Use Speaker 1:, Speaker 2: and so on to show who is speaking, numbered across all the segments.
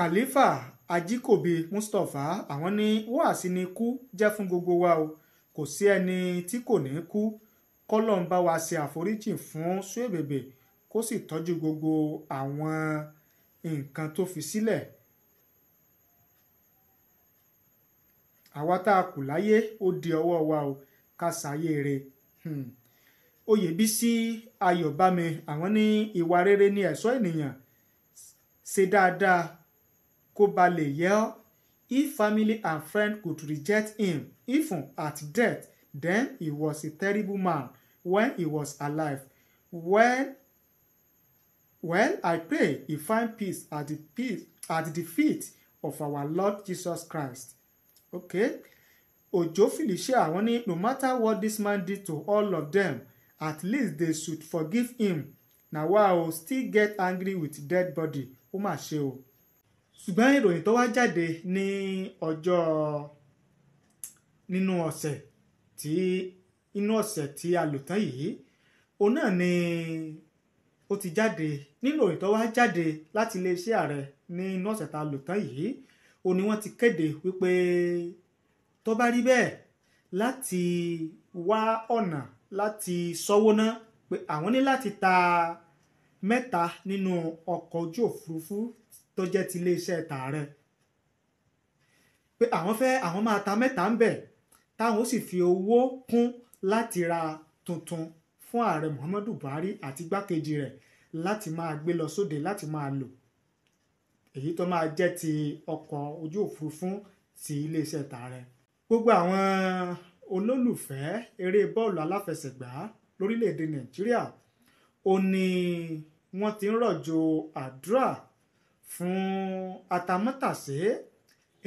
Speaker 1: kàlífà Ajikobi mustapha àwọn ní wáàsí ni kú jẹ́ fún gbogbo wa o kò sí ẹni tí kò ní kú kọ́lọ́n bá wa ṣe àforíjì fún Suebebe kó sì tọ́jú gbogbo àwọn nǹkan tó fi sílẹ̀ àwa tá a kù láyé ó di ọwọ́ wa o ká ṣàyè rẹ̀ hmm. Oyèbísí Ayọ̀bámi àwọn ní ìwà rere ní ẹ̀ṣọ́ ènìyàn ṣe dáadáa kó ba lè if family and friends could reject him even at death then he was a terrible man when he was alive well well i pray he find peace at the peace at the feet of our lord jesus christ okay ojo felicia wọ́n ní no matter what this man did to all of them at least they should forgive him Now, wa o still get angry with dead body ó mà ṣe ṣùgbọ́n ìròyìn tó wá jáde ní ọjọ́ nínú ọ̀sẹ̀ tí inú ọ̀sẹ̀ tí a lò tán yìí òun náà ni ó ti jáde nínú ìròyìn tó wá jáde láti iléeṣẹ́ ààrẹ ní inú ọ̀sẹ̀ tá a lò tán yìí òun ni wọ́n ti kéde wípé tó bá rí bẹ́ẹ̀ láti wá ọ̀nà láti sọ́wọ́ ná pé àwọn ní láti ta mẹ́ta nínú ọkọ̀ ojú òfurufú tó jẹ́ ti iléeṣẹ́ tààrẹ pé àwọn fẹ́ àwọn máa ta mẹ́ta ń bẹ̀ táwọn ó sì fi owó kún láti ra tuntun fún ààrẹ Muhammadu Buhari àti igbákejì rẹ̀ láti máa gbé lọ sóde láti máa lò èyí tó máa jẹ́ ti ọkọ̀ ojú òfurufú ti iléeṣẹ́ tààrẹ gbogbo àwọn olólùfẹ́ eré bọ́ọ̀lù aláfẹsẹ̀gbá lórílẹ̀‐èdè Nàìjíríà ó ní wọ́n ti ń rọ̀jò àdúrà fún atamátàsé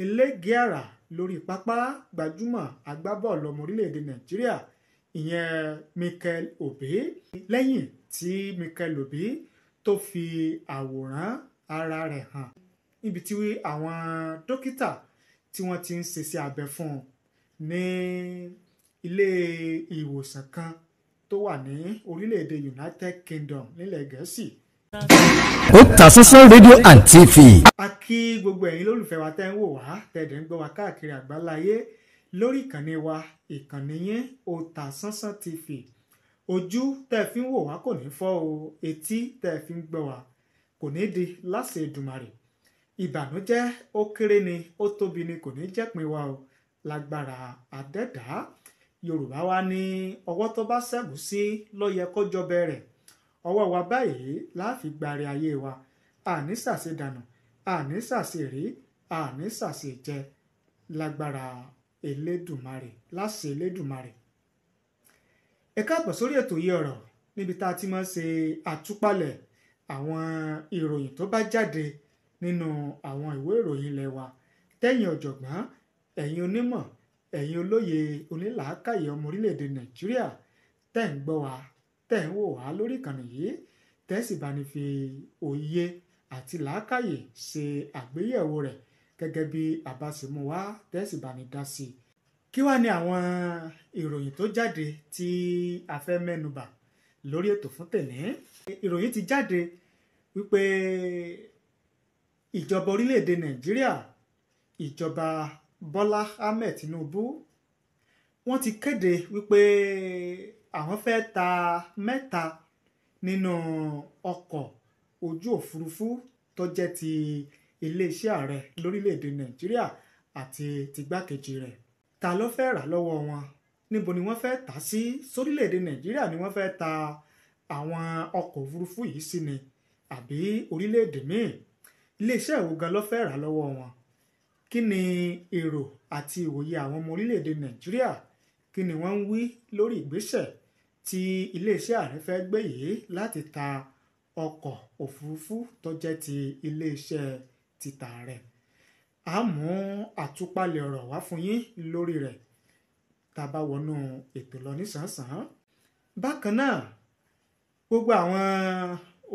Speaker 1: elégéàrà lórí pápá gbajúmọ̀ agbábọ́ọ̀lù ọmọ orílẹ̀-èdè nàìjíríà ìyẹn Michael Obi lẹ́yìn tí Michael Obi tó fi àwòrán ara rẹ̀ hàn níbi tí àwọn dókítà tí wọ́n ti ń ṣiṣẹ́ abẹ fún un ní ilé ìwòsàn kan tó wà ní orílẹ̀-èdè United Kingdom nílẹ̀ gẹ̀ẹ́sì. Si Otasansan rédíò and TV. a kí gbogbo ẹ̀yin lólùfẹ́ wa tẹ́ ń wò wá tẹ̀dẹ̀ ń gbọ́ wa káàkiri àgbáláyé lórí ìkànnì wa ìkànnì yẹn Otasansan TV ojú tẹ́ fi ń wò wá kò ní fọ́ o etí tẹ́ fi ń gbọ́ wa kò ní di láṣẹ Èdùmàrè ìbànújẹ́ ó kéré ni ó tóbi ni kò ní jẹ́pin wa o lágbára àdẹ́dàá Yorùbá wa ní ọwọ́ tó bá ṣẹ́gun sí ló kó jọbẹ rẹ̀ ọwọ́ wa báyìí láàfin gbàre ayé wa àní ṣàṣe dànù àní ṣàṣe rí àní ṣàṣe jẹ lágbára elédùmarè láṣẹ elédùmarè. ẹ káàbọ̀ sórí ètò yìí ọ̀rọ̀ níbi tá a ti máa ń ṣe àtúpalẹ̀ àwọn ìròyìn tó bá jáde nínú àwọn ìwé ìròyìn ilẹ̀ wa tẹ̀yin ọ̀jọ̀gbọ́n ẹ̀yin onímọ̀ ẹ̀yin olóye onílàákàyè ọmọ orílẹ̀-èdè nàìjíríà tẹ̀ ń gbọ́ wa tẹ̀ ń wò wá lórí ìkànnì yìí tẹ́sí bá ní fi òye àti làákàyè ṣe àgbéyẹ̀wò rẹ̀ gẹ́gẹ́ bí àbáṣemú wá tẹ́sí bá ní dá sí i. kí wàá ní àwọn ìròyìn tó jáde tí a fẹ́ mẹ́nubà lórí ètò fún tèmi. ìròyìn ti jáde wípé ìjọba orílẹ̀-èdè nàìjíríà ìjọba Bọ́lá Ahmed Tinubu wọ́n ti kéde wípé àwọn fẹ́ ta mẹ́ta nínú ọkọ̀ ojú òfurufú tó jẹ́ ti iléeṣẹ́ ààrẹ lórílẹ̀‐èdè nàìjíríà àti tìgbákejì rẹ̀ ta ló fẹ́ rà lọ́wọ́ wọn níbo ni wọ́n fẹ́ tà sí sórílẹ̀‐èdè nàìjíríà ni wọ́n fẹ́ ta àwọn ọkọ̀ òfurufú yìí sí ni àbí orílẹ̀‐èdè míì iléeṣẹ́ ìwò gan ló fẹ́ rà lọ́wọ́ wọn kí ni èrò àti ìwòye àwọn ọmọ orílẹ̀‐èdè nàìjíríà kí ni wọ́n ń wí lórí ìgbésẹ̀ tí iléeṣẹ́ ààrẹ fẹ́ gbé yìí láti ta ọkọ̀ òfurufú tó jẹ́ ti iléeṣẹ́ títà rẹ̀ a mú àtúpalẹ̀ ọ̀rọ̀ wá fún yín lórí rẹ̀ tá a bá wọnú ètò lọ nísànsán bákan náà gbogbo àwọn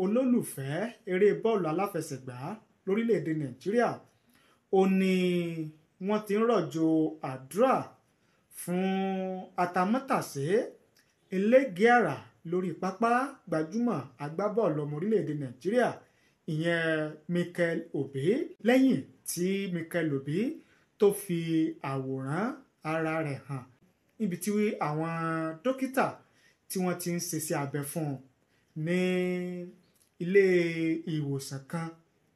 Speaker 1: olólùfẹ́ eré bọ́ọ̀lù aláfẹsẹ̀gbá lórílẹ̀‐èdè nàìjíríà ó ní wọ́n ti ń rọ̀jò àdúrà fún atamátàsé eléègé àrà lórí pápá gbajúmọ̀ agbábọ́ọ̀lù ọmọ orílẹ̀-èdè nàìjíríà ìyẹn mikel obi lẹ́yìn tí Michael obi tó fi àwòrán ara rẹ̀ hàn níbi tí àwọn dókítà tí wọ́n ti ń ṣiṣẹ́ abẹ fún un ní ilé ìwòsàn kan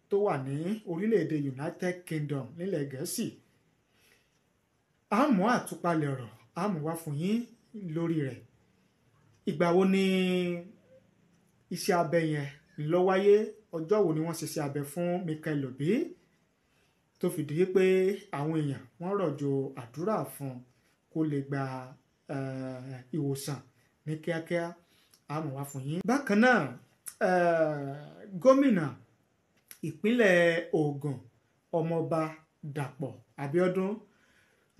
Speaker 1: tó wà ní orílẹ̀-èdè United Kingdom nílẹ̀ gẹ̀ẹ́sì àmọ́ àtúpalẹ̀ ọ̀rọ̀ àmọ́ wá fún yín lórí rẹ̀ ìgbà wo ni iṣẹ́ abẹ yẹn ló wáyé ọjọ́ wo ni wọ́n ṣe iṣẹ́ abẹ fún Michael Obi tó fi di pé àwọn èèyàn wọ́n rọ̀jò àdúrà fún kó lè gba ìwòsàn ní kíákíá àmọ́ wá fún yín. bákan náà gómìnà ìpínlẹ̀ Ògùn ọmọọba Dàpọ̀ Abíọ́dún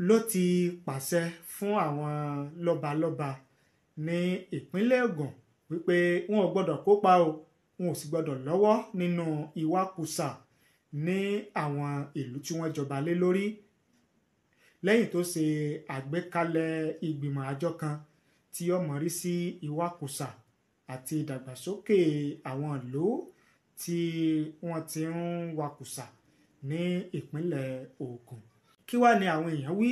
Speaker 1: ló ti pàṣẹ fún àwọn lọ́balọ́ba ní ìpínlẹ̀ Ògùn wípé wọn ò gbọ́dọ̀ kópa o wọn ò sì gbọ́dọ̀ lọ́wọ́ nínú ìwakùsà ní àwọn ìlú tí wọ́n jọba lé lórí lẹ́yìn tó ṣe àgbékalẹ̀ ìgbìmọ̀ àjọ kan tí ó mọ̀rí sí ìwakùsà àti ìdàgbàsókè àwọn ìlú tí wọ́n ti ń wakùsà ní ìpínlẹ̀ Ògùn kí wá ni àwọn èèyàn wí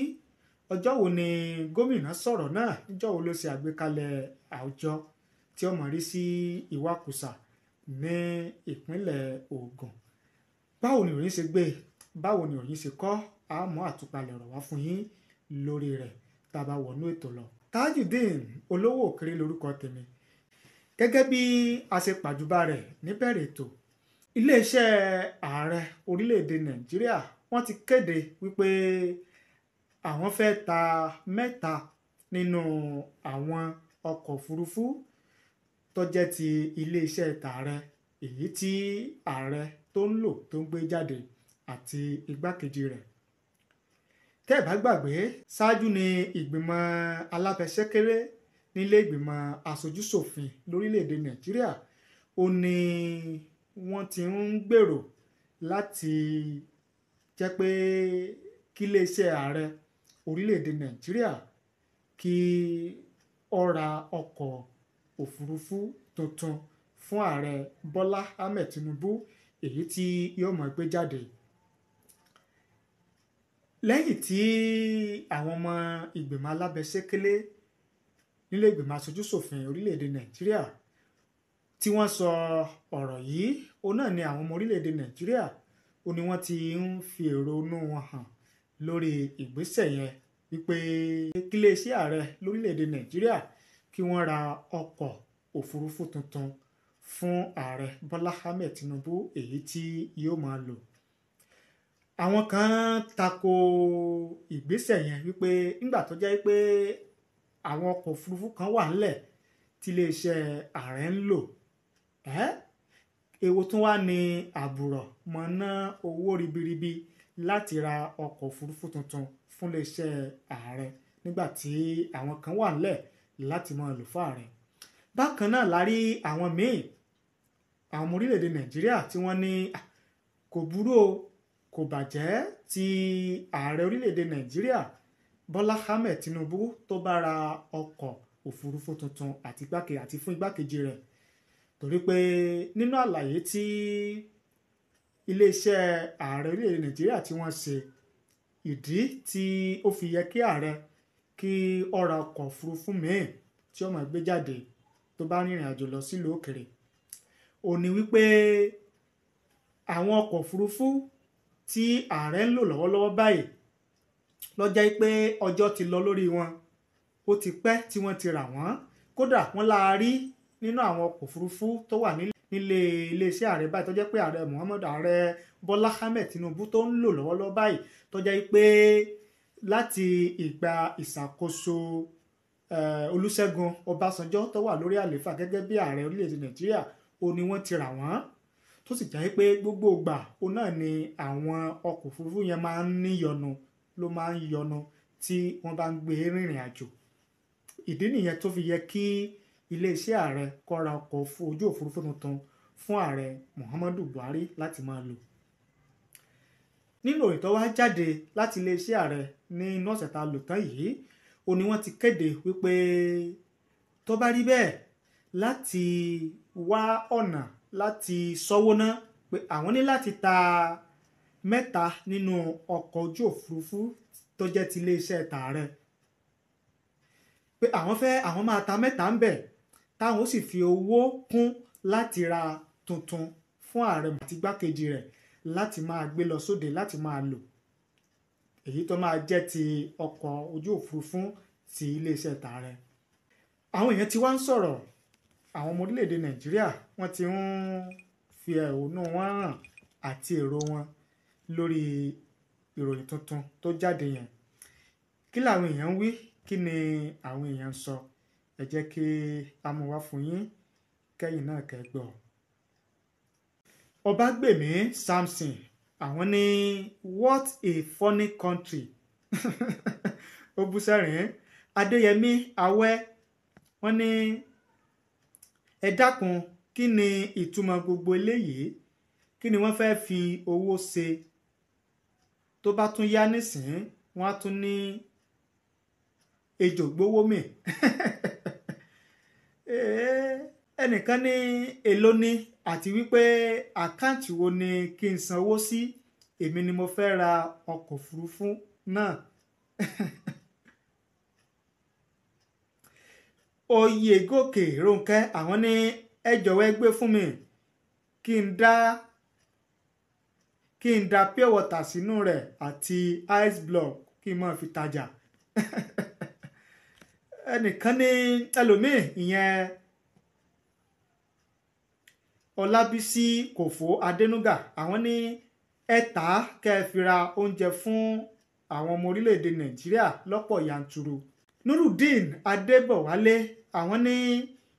Speaker 1: ọjọ́ wo ni gómìnà sọ̀rọ̀ náà níjọ́ wo ló ṣe àgbékalẹ̀ àjọ tí ó máa rí sí ìwakùsà ní ìpínlẹ̀ Ògùn báwo ni ìròyìn ṣe gbé báwo ni ìròyìn ṣe kọ́ àmọ́ àtúpalẹ̀ ọ̀rọ̀ wá fún yín lórí rẹ̀ tá a bá wọnú ètò lọ. Tajudeen olówó òkèrè lorúkọ tèmi gẹ́gẹ́ bí a ṣe pàjùbà rẹ̀ níbẹ̀rẹ̀ ètò iléeṣẹ́ ààrẹ orílẹ̀-èdè Nàìjíríà wọ́n ti kéde wípé àwọn fẹ́ ta mẹ́ta nínú àwọn ọkọ̀ òfurufú tó jẹ́ ti iléeṣẹ́ tààrẹ èyí tí ààrẹ tó ń lò tó ń gbé jáde àti igbákejì rẹ̀ tẹ́ ẹ̀ bá gbàgbé ṣáájú ni ìgbìmọ̀ aláfẹsẹ́kéré nílé ìgbìmọ̀ aṣojúṣòfin lórílẹ̀‐èdè nàìjíríà ó ní wọ́n ti ń gbèrò láti jẹ́ pé kíléeṣẹ́ ààrẹ orílẹ̀-èdè nàìjíríà kí ó ra ọkọ̀ òfurufú tuntun fún ààrẹ bọ́lá ahmed tinubu èyí tí yóò máa gbé jáde lẹ́yìn tí àwọn ọmọ ìgbìmọ̀ alábẹ́sẹ́kẹ́lé nílé ìgbìmọ̀ aṣojúṣòfin orílẹ̀-èdè nàìjíríà tí wọ́n sọ ọ̀rọ̀ yìí òun náà ni àwọn ọmọ orílẹ̀-èdè nàìjíríà ó ní wọ́n ti ń fi èrò inú wọn hàn lórí ìgbésẹ̀ yẹn wípé kí iléeṣẹ́ ààrẹ lórílẹ̀‐èdè nàìjíríà kí wọ́n ra ọkọ̀ òfurufú tuntun fún ààrẹ bọ́lá ahmed tinubu èyí tí yóò máa lò àwọn kan tako ìgbésẹ̀ yẹn wípé nígbà tó jẹ́ pé àwọn ọkọ̀ òfurufú kan wà ńlẹ̀ tí iléeṣẹ́ ààrẹ ń lò èwo tún wá ní àbùrọ̀ mọ̀ná owó ribiribi láti ra ọkọ̀ òfurufú tuntun fún iléeṣẹ́ ààrẹ nígbà tí àwọn kan wà nílẹ̀ láti máa lò fún ààrẹ. bákan náà la rí àwọn míì àwọn ọmọ orílẹ̀-èdè nàìjíríà tí wọ́n ní kò burú o kò bàjẹ́ tí ààrẹ orílẹ̀-èdè nàìjíríà bọ́lá ahmed tinubu tó bá ra ọkọ̀ òfurufú tuntun àti fún igbákejì rẹ̀ torí pé nínú àlàyé tí. Tí iléeṣẹ́ ààrẹ orílẹ̀-èdè nàìjíríà tí wọ́n ṣe ìdí tí ó fi yẹ kí ààrẹ kí ó ra ọkọ̀ òfurufú míì tí ó máa gbé jáde tó bá rìnrìn àjò lọ sílùú òkèrè ó ní wípé àwọn ọkọ̀ òfurufú tí ààrẹ ń lò lọ́wọ́lọ́wọ́ báyìí lọ́jọ́ pé ọjọ́ ti lọ lórí wọn ó ti pẹ́ tí wọ́n ti rà wọ́n kódà wọ́n la rí nínú àwọn ọkọ̀ òfurufú tó wà nílẹ̀ nílé iléeṣẹ́ ààrẹ báyìí tó jẹ́ pé ààrẹ Muhammadu ààrẹ Bọ́lá Ahmed Tinubu tó ń lò lọ́wọ́lọ́wọ́ báyìí tó jẹ́ pé láti ìgbà ìṣàkóso Olúṣẹ́gun Ọbásanjọ́ tó wà lórí àlééfà gẹ́gẹ́ bí ààrẹ orílẹ̀-èdè Nàìjíríà ó ní wọ́n ti rà wọ́n tó sì jẹ́ pé gbogbo ìgbà ó náà ni àwọn ọkọ̀ òfurufú yẹn máa ń níyọnu ló máa ń yọnu tí wọ́n bá ń gbé rìnrìn àjò ìdí nìyẹn tó fi yẹ kí iléeṣẹ́ ààrẹ kó ra ọkọ̀ ojú òfurufú tuntun fún ààrẹ muhammadu buhari láti máa lò nínú ìtọ́ wá jáde láti iléeṣẹ́ ààrẹ ní inú ọ̀sẹ̀ tá a lò tán yìí ó ní wọ́n ti kéde wípé tó bá rí bẹ́ẹ̀ láti wá ọ̀nà láti sọ́wọ́ ná pé àwọn ní láti ta mẹ́ta nínú ọkọ̀ ojú òfurufú tó jẹ́ ti iléeṣẹ́ tààrẹ pé àwọn fẹ́ àwọn máa ta mẹ́ta ń bẹ̀ táwọn ó sì fi owó kún láti ra tuntun fún ààrẹ àti igbákejì rẹ̀ láti máa gbé lọ sóde láti máa lò èyí tó máa jẹ́ ti ọkọ̀ ojú òfurufú ti iléeṣẹ́ tààrẹ àwọn èèyàn ti wá ń sọ̀rọ̀ àwọn ọmọ orílẹ̀-èdè nàìjíríà wọ́n ti ń fi ẹ̀hónú wọn hàn àti èrò wọn lórí ìròyìn tuntun tó jáde yẹn kí làwọn èèyàn ń wí kí ni àwọn èèyàn ń sọ. So ẹ jẹ́ kí a mú wá fún yín kẹ́yìn náà kẹ́gbọ́. Ọbágbèmí Samson àwọn ní what a funny country ó bú sẹ́rìn Adéyẹmí Awẹ́ wọ́n ní ẹ dákun kí ni ìtumọ̀ gbogbo eléyìí kí ni wọ́n fẹ́ẹ́ fi owó ṣe tó bá tún yá nísìnyí wọ́n á tún ní ejò gbówó mì Eh, ẹnìkan ní èló ni àti wípé àkáǹtì wo ni kí n sanwó sí èmi ni mo fẹ́ ra ọkọ̀ òfurufú náà oyè gòkè Ronke, àwọn ní ẹ gbé fún mi kí n dá kí n da pure water sínú rẹ̀ àti ice block kí n máa fi tajà ẹnìkan ní ẹlòmíì ìyẹn ọlábísí kòfó adénúgà àwọn ní ẹ̀ta kẹfìra oúnjẹ fún àwọn ọmọ orílẹ̀-èdè nàìjíríà lọ́pọ̀ yanturu nurudeen adébọ̀wálé àwọn ní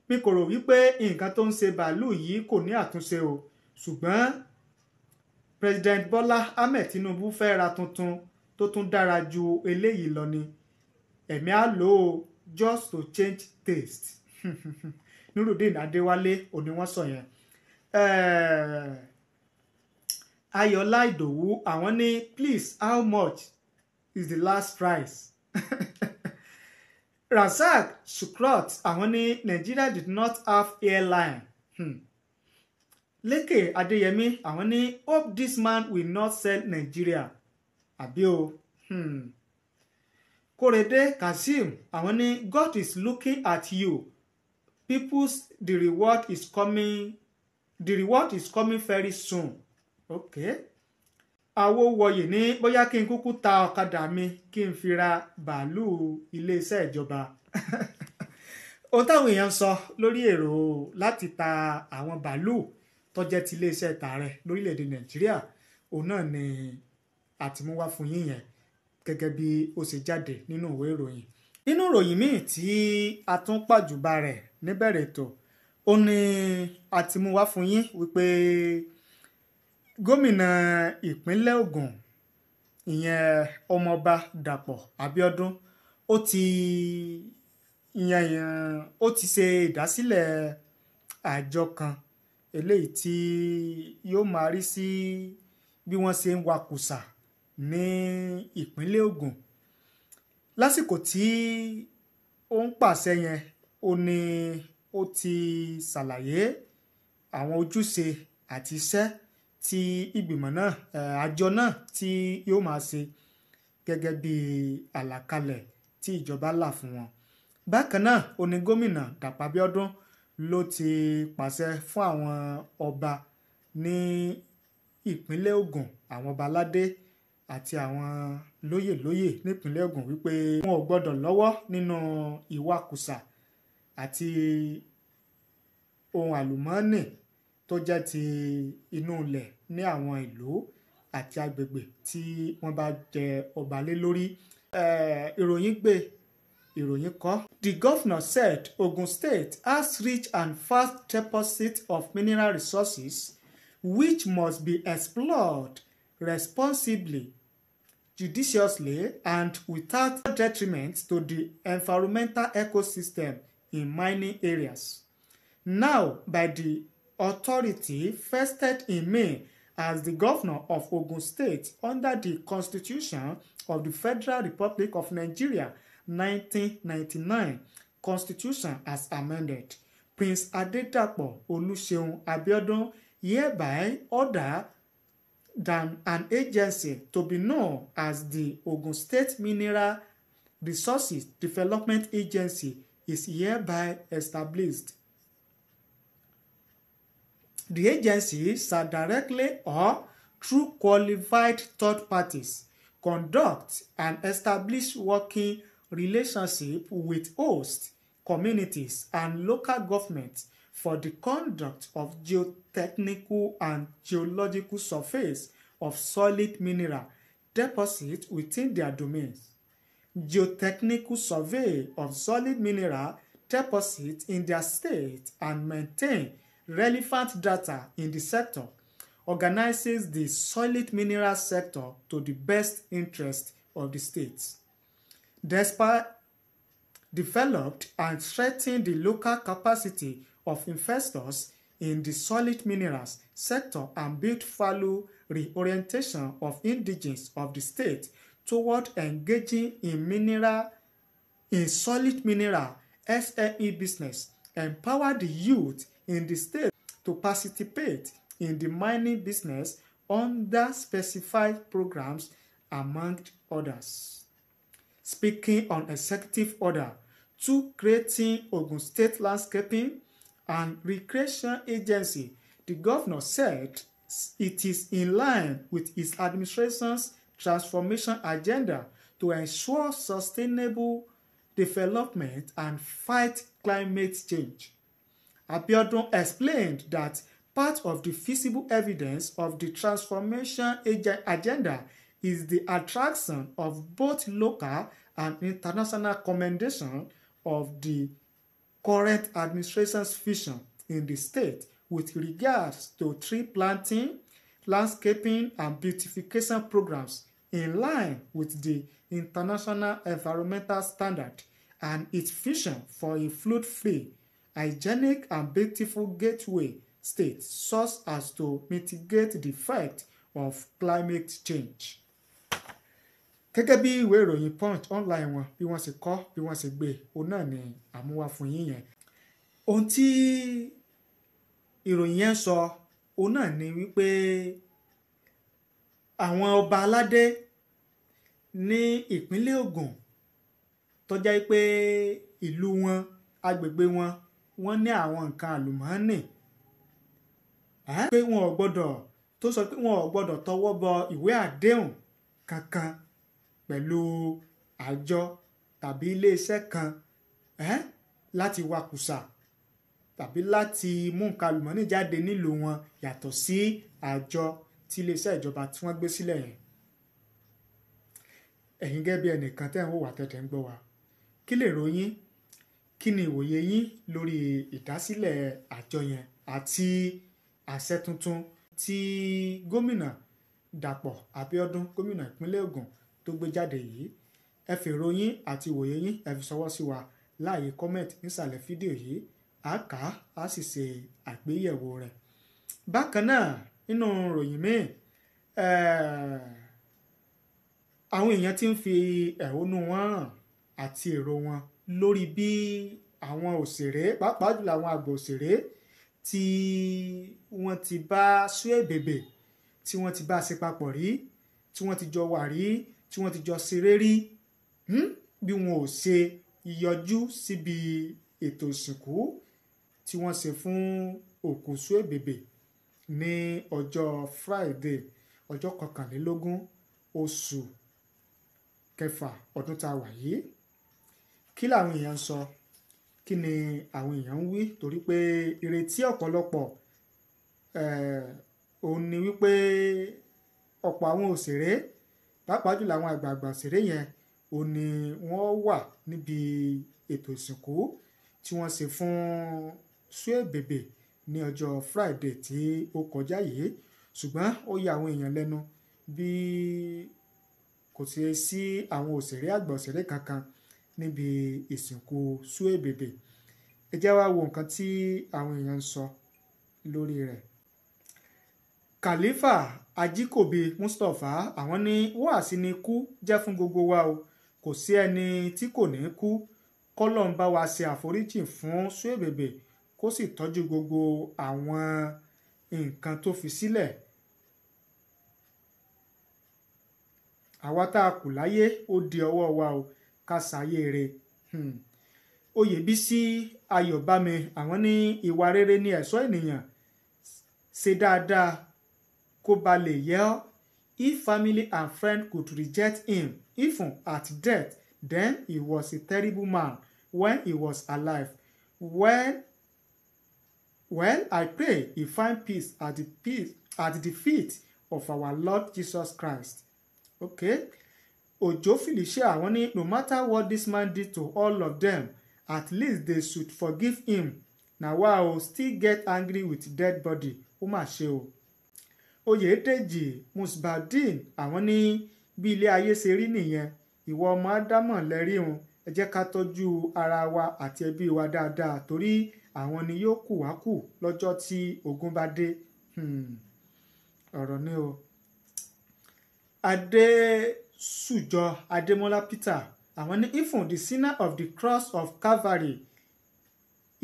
Speaker 1: mi kò rò wípé nǹkan tó ń ṣe bàálù yìí kò ní àtúnṣe o ṣùgbọ́n president bọ́lá ahmed tinubu fẹ́ ra tuntun tó tún dára ju eléyìí lọ ni ẹ̀mí á lò ó just to change taste nurudeen adéwálé òní wọ́n sọ yẹn eh, ayọ̀lá ìdòwú àwọn ní please how much is the last price razak sukrot àwọn ní nigeria did not have airline hmm. lékè adéyẹmí àwọn ní hope this man will not sell nigeria àbí o. Hmm. Korede Kazeem àwọn ní God is looking at you peoples the reward is coming the reward is coming very soon okay Awòwòye ní bóyá kí n kúkú ta ọ̀kadà mi kí n fi ra bàálù iléeṣẹ́ ìjọba ohun táwọn èèyàn sọ lórí èrò láti ta àwọn bàálù tó ti iléeṣẹ́ tààrẹ lórílẹ̀‐èdè Nàìjíríà òun náà ni àtìmúwá fún yín yẹn gẹ́gẹ́ bí ó ṣe jáde nínú ìwé ìròyìn nínú ìròyìn míì tí a tún pàjùbà rẹ̀ níbẹ̀rẹ̀ ètò ó ní a ti mú wá fún yín wípé gómìnà ìpínlẹ̀ Ògùn ìyẹn ọmọọba Dàpọ̀ Abíọ́dún ó ti ìyẹn ó ti ṣe ìdásílẹ̀ àjọ kan eléyìí tí yóò máa rí sí bí wọ́n ṣe ń wakùsà ní ìpínlẹ̀ Ògùn lásìkò tí ó ń pàṣẹ yẹn ó ní ó ti ṣàlàyé àwọn ojúṣe àti iṣẹ́ tí ìgbìmọ̀ náà àjọ náà tí yóò máa ṣe gẹ́gẹ́ bí àlàkalẹ̀ tí ìjọba là fún wọn bákan náà ó ní gómìnà Dàpọ̀ Abíọ́dún ló ti pàṣẹ fún àwọn ọba ní ìpínlẹ̀ Ògùn àwọn ọba aládé àti àwọn lóyèlóyè nípínlẹ̀ Ògùn wípé wọn ò gbọ́dọ̀ lọ́wọ́ nínú ìwakùsà àti ohun àlùmọ́ọ́nì tó jẹ́ ti inú ilẹ̀ ní àwọn ìlú àti agbègbè tí wọ́n bá jẹ ọba lé lórí. ìròyìn gbé ìròyìn kọ́. The governor said Ogun State has rich and vast deposits of mineral resources which must be explored responsibly, judiciously, and without detriment to the environmental ecosystem in mining areas. Now, by the authority vested in me as the governor of Ogun State under the Constitution of the Federal Republic of Nigeria 1999 Constitution as amended, Prince Adedapo Oluseun Abiodun hereby order than an agency to be known as the Ogun State Mineral Resources Development Agency is hereby established. The agency shall directly or through qualified third parties conduct and establish working relationship with host communities and local governments for the conduct of geotechnical and geological surveys of solid mineral deposits within their domains. Geotechnical survey of solid mineral deposits in their state and maintain relevant data in the sector organizes the solid mineral sector to the best interest of the states. Despa developed and strengthened the local capacity of investors in the solid minerals sector and build value reorientation of indigenes of the state toward engaging in mineral in solid mineral SME business, empower the youth in the state to participate in the mining business under specified programs, among others. Speaking on executive order to creating Ogun State landscaping and Recreation Agency, the governor said it is in line with his administration's transformation agenda to ensure sustainable development and fight climate change. Abiodun explained that part of the visible evidence of the transformation agenda is the attraction of both local and international commendation of the current administration's vision in the state with regards to tree planting, landscaping, and beautification programs in line with the international environmental standard and its vision for a flood-free, hygienic, and beautiful gateway state, such as to mitigate the effect of climate change gẹ́gẹ́ bí ìwé ìròyìn punch online wọn bí wọ́n ṣe kọ bí wọ́n ṣe gbé òun náà ni àmúwá fún yín yẹn ohun tí ìròyìn yẹn sọ òun náà ni wípé àwọn ọba aládé ní ìpínlẹ̀ Ògùn tó jẹ́ pé ìlú wọn agbègbè wọn wọ́n ní àwọn nǹkan àlùmọ́ọ́nì pé wọn ò gbọ́dọ̀ tó sọ pé wọn ò gbọ́dọ̀ tọwọ́ bọ ìwé àdéhùn kankan pẹ̀lú àjọ tàbí iléeṣẹ́ kan eh? láti wakùsà tàbí láti mú nǹkan àlùmọ́nì jáde nílùú wọn yàtọ̀ sí àjọ tí iléeṣẹ́ ìjọba tí wọ́n gbé sílẹ̀ yẹn. ẹ̀yin gẹ́gẹ́ bí ẹnìkan tẹ́ ń wò wá tẹ̀tẹ̀ ń gbọ́ wa kí lè ròyìn kí ni ìwòye yín lórí ìdásílẹ̀ àjọ yẹn àti àṣẹ tuntun tí gómìnà Dàpọ̀ Abíọ́dún gómìnà ìpínlẹ̀ Ògùn tó gbé jáde yìí ẹ fi ìròyìn àti ìwòye yín ẹ fi ṣọwọ́ sí wa láàyè comment nísàlẹ̀ fídíò yìí a kà á a sì ṣe àgbéyẹ̀wò rẹ̀ bákan náà nínú ròyìn míì àwọn èèyàn ti ń fi ẹ̀hónú wọn hàn àti èrò wọn lórí bí àwọn òṣèré pàápàá jùlọ àwọn àgbà òṣèré tí wọ́n ti bá Suebebe tí wọ́n ti bá ṣe papọ̀ rí tí wọ́n ti jọ wà rí tí wọ́n ti jọ ṣeré rí hmm, bí wọn ò ṣe ìyọjú síbi ètò ìsìnkú tí wọ́n ṣe fún òkú Suebebe ní ọjọ́ Friday ọjọ́ kọkànlélógún oṣù kẹfà ọdún tá a wà yìí kí làwọn èèyàn ń sọ kí ni àwọn èèyàn ń wí torí pé ìrètí ọ̀pọ̀lọpọ̀ eh, òun ni wípé ọ̀pọ̀ àwọn òṣèré pàápàá jùlọ àwọn àgbààgbà ṣeré yẹn ò ní wọ́n wà níbi ètò ìsìnkú tí wọ́n ṣe fún Suebebe ní ọjọ́ Friday tí ó kọjá yìí ṣùgbọ́n ó ya àwọn èèyàn lẹ́nu bí kò ṣe sí àwọn òṣèré àgbà òṣèré kankan níbi ìsìnkú Suebebe ẹ jẹ́ wá wo nǹkan tí àwọn èèyàn ń sọ lórí rẹ̀ kàlífà ajíkòbí mustapha àwọn ní wáàsí ni kú jẹ́ fún gbogbo wa o kò sí ẹni tí kò ní kú kọ́lọ́n bá wa ṣe àforíjì fún Suebebe kó sì tọ́jú gbogbo àwọn nǹkan tó fi sílẹ̀ àwa tá a kù láyé ó di ọwọ́ wa o ká ṣàyè rẹ̀ hmm. Oyèbísí Ayọ̀bámi àwọn ní ìwà rere ni ẹ̀ṣọ́ ènìyàn ṣe dáadáa kó ba lè yẹ ọ́ if family and friends could reject him even at death then he was a terrible man when he was alive well well i pray he find peace at the peace at the feet of our lord jesus christ okay ojo felicia wọ́n ní no matter what this man did to all of them at least they should forgive him na why i still get angry with dead body ó mà ṣe o oyèdèjì musbardeen àwọn ní bí ilé ayé ṣe rí nìyẹn ìwọ ọmọ ádámọ̀ lẹ́rí hun ẹ jẹ́ ká tọ́jú ara wa àti ẹbí wa dáadáa torí àwọn ni yóò kù wá kù lọ́jọ́ tí ogun bá dé hmm. ọ̀rọ̀ ni o. adésùjọ adémọlá peter àwọn ní ifun the sinner of the cross of calvary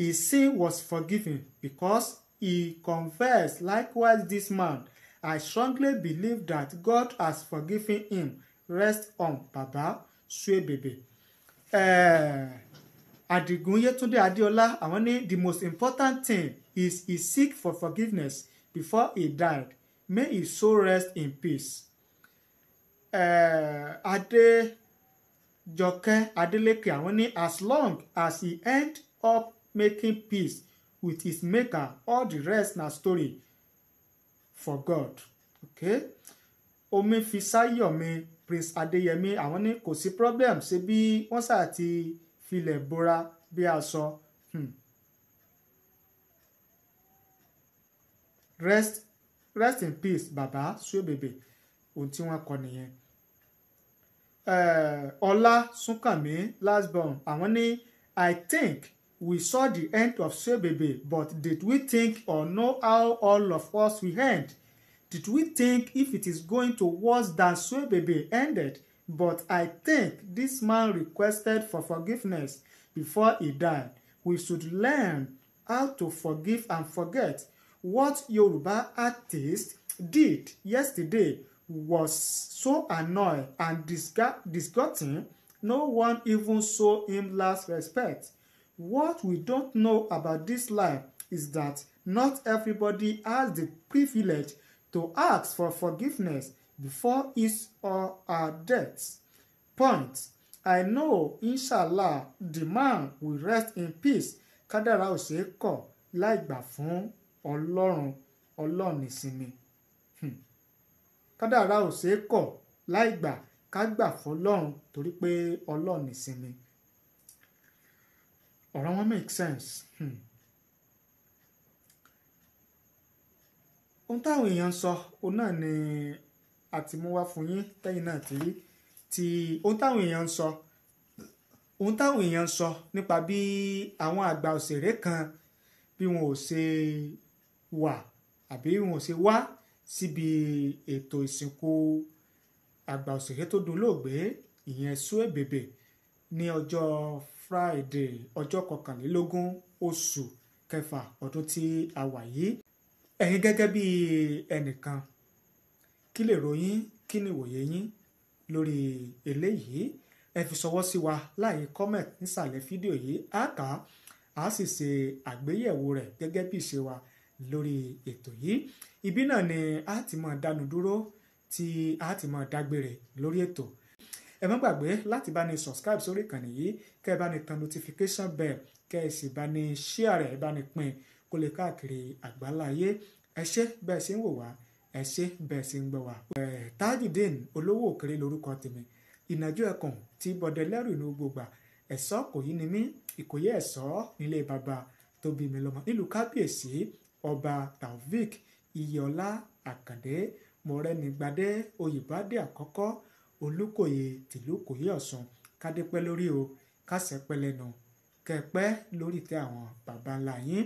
Speaker 1: his sin was forgiven because he confessed likewise this man I strongly believe that God has forgiven him. Rest on Baba Suebebe. Uh, eh, Adigun Yetunde Adeola, àwọn ní the most important thing is he seek for forgiveness before he died. May his soul rest in peace. Uh, Ade Jọkẹ́ Adeleke àwọn ní as long as he end up making peace with his maker all the rest na story for God okay Omifisayomi Prince Adeyemi àwọn ní kò sí problem ṣe bí wọ́n ṣáà ti filẹ̀ bora bí a sọ hmm. rest rest in peace bàbá Suebebe ohun tí wọ́n kọ nìyẹn eh, ọlá súnkànmí last born àwọn ní i think we saw the end of Sebebe, but did we think or know how all of us we end? Did we think if it is going to worse than Sebebe ended? But I think this man requested for forgiveness before he died. We should learn how to forgive and forget. What Yoruba artist did yesterday was so annoying and disgusting, no one even saw him last respect. What we don't know about this life is that not everybody has the privilege to ask for forgiveness before his or her death. Point. I know, inshallah, the man will rest in peace. Kádàrá ò ṣeé kọ̀ láì gbà fún Ọlọ́run Ọlọ́run ìsinmi. Hmm. Kádàrá ò ṣeé kọ̀ láì gbà ká gbà fọlọ́run torí pé Ọlọ́run ìsinmi ọ̀rọ̀ wọn make sense hmm. ohun táwọn èèyàn ń sọ òun náà ni àti fún yín tẹ́yìn náà ti rí ti ohun táwọn èèyàn ń sọ ohun táwọn èèyàn ń sọ nípa bí àwọn àgbà òṣèré kan bí wọn ò ṣe wà àbí wọn ò ṣe wá síbi ètò ìsìnkú àgbà òṣèré tó dolóògbé ìyẹn Suebebe ní ọjọ́ friday ọjọ́ kọkànlélógún oṣù kẹfà ọdún tí a wà yìí ẹ̀yin gẹ́gẹ́ bí ẹnìkan kí lè ròyìn kí ni ìwòye yín lórí eléyìí ẹ fi ṣọwọ́ sí wa láàyè comment nísàlẹ̀ fídíò yìí á kà á á sì ṣe àgbéyẹ̀wò rẹ̀ gẹ́gẹ́ bí ìṣe wa lórí ètò yìí ibi náà ni a ti máa dánu dúró tí a ti máa dágbére lórí ètò ẹ má gbàgbé láti bá ní subscribe sórí ìkànnì yìí kẹ́ ẹ bá ní tan notification bell kẹ́ ẹ sì bá ní share rẹ̀ ẹ bá ní pín kó lè káàkiri àgbáláyé ẹ ṣé bẹ́ẹ̀ ṣe ń wò wá ẹ ṣé bẹ́ẹ̀ ṣe ń gbọ́ wá. Tajudeen olówó òkèrè lorúkọ tèmi ìnàjú ẹkùn tí bọ̀dẹ lẹ́rù inú gbogbo ẹ̀sọ́ kò yí ni mí ìkòyí ẹ̀sọ́ nílé bàbá tó bí mi lọ́mọ nílùú kábíyèsí ọba Taofik Iyèọlá Àkàndé mọ̀rẹ́nigbadé oyèbádé àkọ́kọ́ olùkòyè tìlú ìkòyí ọ̀sùn kádé pẹ́ lórí o kásẹ̀ lẹ́nu kẹ́pẹ́ lórí ìtẹ́ àwọn baba ńlá yín